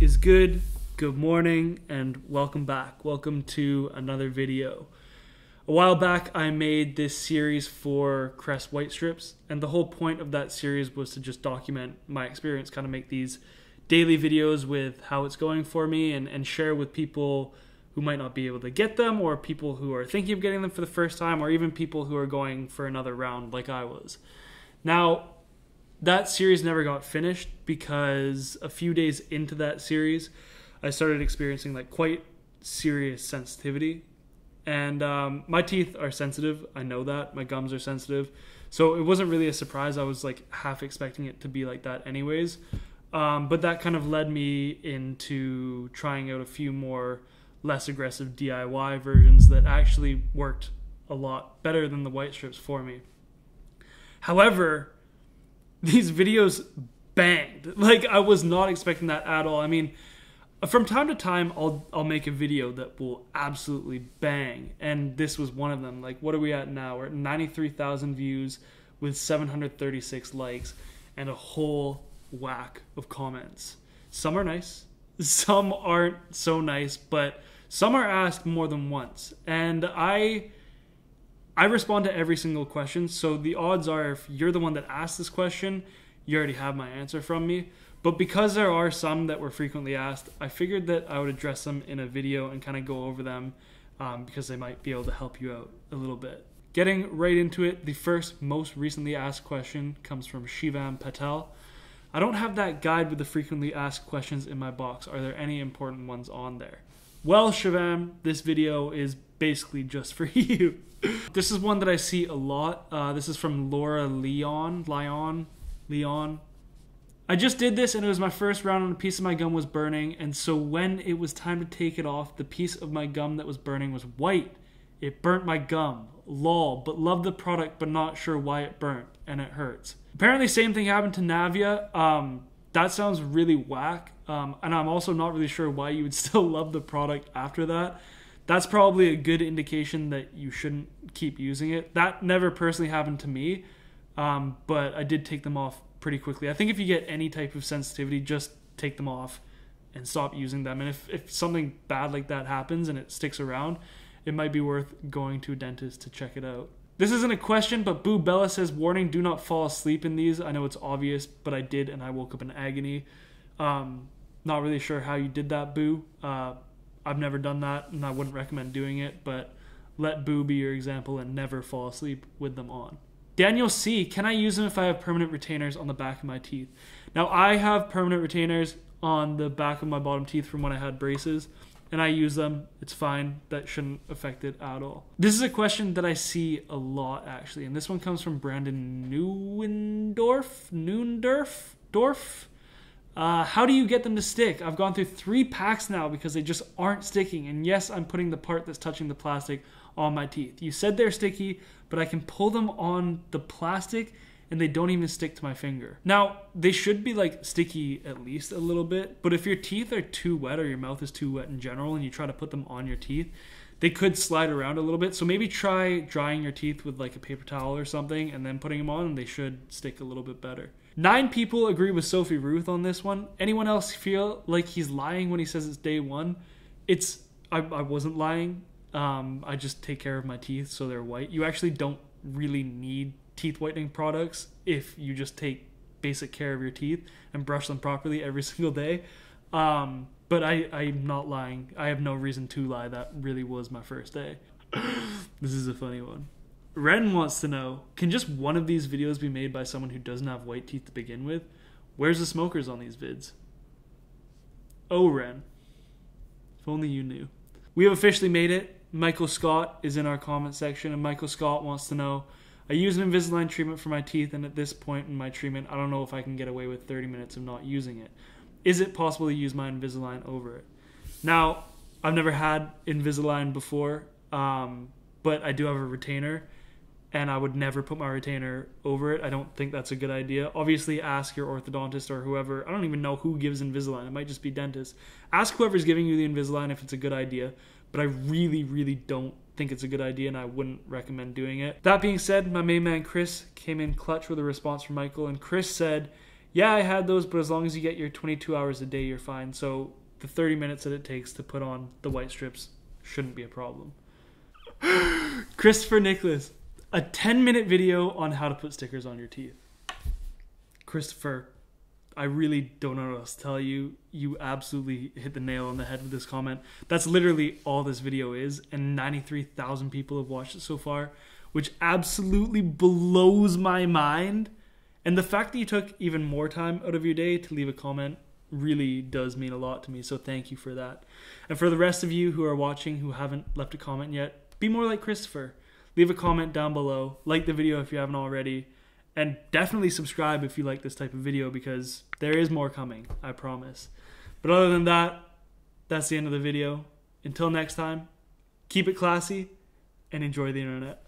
is good? Good morning and welcome back. Welcome to another video. A while back, I made this series for Crest White Strips, and the whole point of that series was to just document my experience, kind of make these daily videos with how it's going for me and, and share with people who might not be able to get them, or people who are thinking of getting them for the first time, or even people who are going for another round like I was. Now, that series never got finished because a few days into that series, I started experiencing like quite serious sensitivity. And um, my teeth are sensitive. I know that. My gums are sensitive. So it wasn't really a surprise. I was like half expecting it to be like that, anyways. Um, but that kind of led me into trying out a few more less aggressive DIY versions that actually worked a lot better than the white strips for me. However, these videos banged. Like I was not expecting that at all. I mean, from time to time I'll I'll make a video that will absolutely bang and this was one of them. Like what are we at now? We're at 93,000 views with 736 likes and a whole whack of comments. Some are nice, some aren't so nice, but some are asked more than once. And I I respond to every single question. So the odds are if you're the one that asked this question, you already have my answer from me. But because there are some that were frequently asked, I figured that I would address them in a video and kind of go over them um, because they might be able to help you out a little bit. Getting right into it, the first most recently asked question comes from Shivam Patel. I don't have that guide with the frequently asked questions in my box. Are there any important ones on there? Well, Shivam, this video is basically just for you. this is one that I see a lot. Uh, this is from Laura Leon. Leon. Leon. I just did this and it was my first round and a piece of my gum was burning. And so when it was time to take it off, the piece of my gum that was burning was white. It burnt my gum. Lol, but love the product, but not sure why it burnt and it hurts. Apparently, same thing happened to Navia. Um, that sounds really whack. Um, and I'm also not really sure why you would still love the product after that that's probably a good indication that you shouldn't keep using it. That never personally happened to me, um, but I did take them off pretty quickly. I think if you get any type of sensitivity, just take them off and stop using them. And if, if something bad like that happens and it sticks around, it might be worth going to a dentist to check it out. This isn't a question, but Boo Bella says, Warning, do not fall asleep in these. I know it's obvious, but I did and I woke up in agony. Um, not really sure how you did that, Boo. Uh, I've never done that, and I wouldn't recommend doing it. But let Boo be your example and never fall asleep with them on. Daniel C. Can I use them if I have permanent retainers on the back of my teeth? Now I have permanent retainers on the back of my bottom teeth from when I had braces and I use them. It's fine. That shouldn't affect it at all. This is a question that I see a lot actually, and this one comes from Brandon Neuendorf. Neundorf? Dorf? Uh, how do you get them to stick? I've gone through three packs now because they just aren't sticking. And yes, I'm putting the part that's touching the plastic on my teeth. You said they're sticky, but I can pull them on the plastic and they don't even stick to my finger. Now, they should be like sticky at least a little bit, but if your teeth are too wet or your mouth is too wet in general and you try to put them on your teeth, they could slide around a little bit. So maybe try drying your teeth with like a paper towel or something and then putting them on and they should stick a little bit better. Nine people agree with Sophie Ruth on this one. Anyone else feel like he's lying when he says it's day one? It's I, I wasn't lying. Um, I just take care of my teeth so they're white. You actually don't really need teeth whitening products if you just take basic care of your teeth and brush them properly every single day. Um, but I, I'm not lying. I have no reason to lie. That really was my first day. this is a funny one. Ren wants to know can just one of these videos be made by someone who doesn't have white teeth to begin with? Where's the smokers on these vids? Oh, Ren. If only you knew. We have officially made it. Michael Scott is in our comment section, and Michael Scott wants to know I use an Invisalign treatment for my teeth, and at this point in my treatment, I don't know if I can get away with 30 minutes of not using it. Is it possible to use my Invisalign over it? Now, I've never had Invisalign before, um, but I do have a retainer and I would never put my retainer over it. I don't think that's a good idea. Obviously, ask your orthodontist or whoever. I don't even know who gives Invisalign. It might just be dentists. Ask whoever's giving you the Invisalign if it's a good idea, but I really, really don't think it's a good idea and I wouldn't recommend doing it. That being said, my main man Chris came in clutch with a response from Michael, and Chris said, Yeah, I had those, but as long as you get your 22 hours a day, you're fine. So the 30 minutes that it takes to put on the white strips shouldn't be a problem. Christopher Nicholas a 10 minute video on how to put stickers on your teeth. Christopher, I really don't know what else to tell you. You absolutely hit the nail on the head with this comment. That's literally all this video is, and 93,000 people have watched it so far, which absolutely blows my mind. And the fact that you took even more time out of your day to leave a comment really does mean a lot to me. So thank you for that. And for the rest of you who are watching who haven't left a comment yet, be more like Christopher. Leave a comment down below, like the video if you haven't already, and definitely subscribe if you like this type of video because there is more coming, I promise. But other than that, that's the end of the video. Until next time, keep it classy and enjoy the internet.